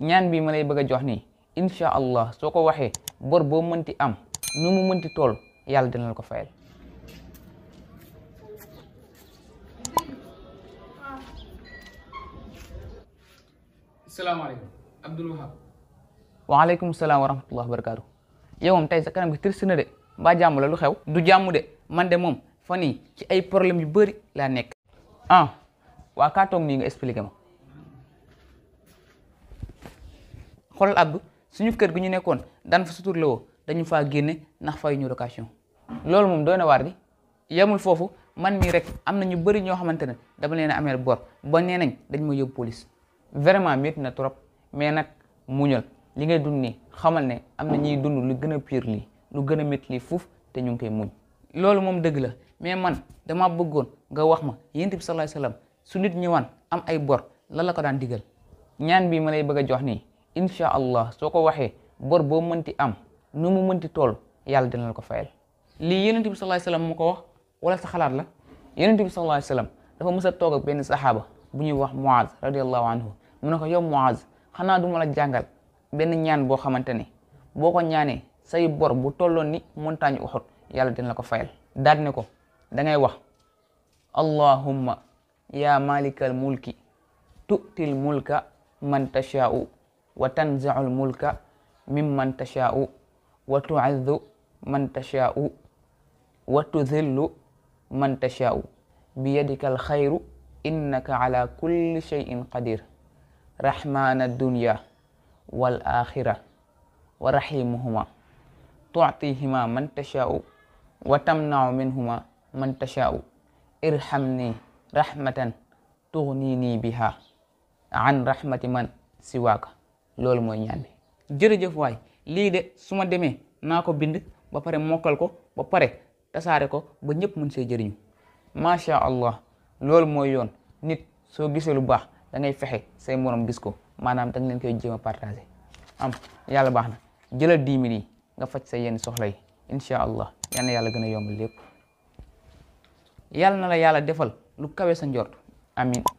ñaan bi ma lay bëgg jox ni insha allah soko waxe bor bo mënti am nu mu mënti tol yalla dina la ko fayal alaykum Abdul Wahab alaykum warahmatullahi wa Ya wa barakatuh yow moom tey sa kanam gi triste na de ba jamm la lu xew du jamm de man de mom fani ci ay problème yu bëri la nek ah wa ka tok ni nga expliquer ma xoolal àbb suñu kër gi ñu nekkoon daan fa suturlewoo dañu faa génne ndax fay ñu location loolu moom doon na waar di yemul foofu man mii rek am na ñu bëri ñoo xamante ne dama leen a ameel bor ba nee nañ dañ ma yóbbu police vraiment métti na trop mais nag muñal li ngay dund nii xamal ne am na ñuy dund lu gën a piir lii lu gën a métti lii fuuf te ñu ngi koy muñ loolu moom dëgg la mais man dama bëggoon nga wax ma yonent bi sallallahu su nit ñëwaan am ay bor lan la ko daan digal ñaan bi ma lay bëgg a jox nii incha allah soo ko waxee bor boo mënti am nu mu mënti tool yàlla dina ko fayal lii yonent bi sallallahu alayhi wasallam mu ko wax wala sa xalaat la yonent bi sallallahu alayhi dafa mës a toog ak benn saxaaba bu ñuy wax Muaz radiyallahu anhu mu ko yow Muaz xanaa du ma la jàngal benn ñaan boo xamante ne boo ko ñaanee say bor bu tolloon ni montagne Uhud yàlla dina la ko fayal daal ne ko da ngay wax allahumma ya malikal mulki tu'til mulka man tashaa'u وتنزع الملك ممن تشاء وتعذ من تشاء وتذل من تشاء بيدك الخير إنك على كل شيء قدير رحمن الدنيا والآخرة ورحيمهما تعطيهما من تشاء وتمنع منهما من تشاء ارحمني رحمة تغنيني بها عن رحمة من سواك loolu mooy ñaan jërëjëf waay lii de su ma demee naa ko bind ba pare mokkal ko ba pare tasaare ko ba ñëpp mën see jëriñu macha allah loolu mooy yoon nit soo gisee lu baax dangay fexe say moroom gis ko maanaam da leen koy jéem a am yàlla baax na jëlal dix mille nga faj sa yenn soxla yi allah yal yàlla gën a yombal lépp yàlla na la yàlla defal lu kawe sa njort amin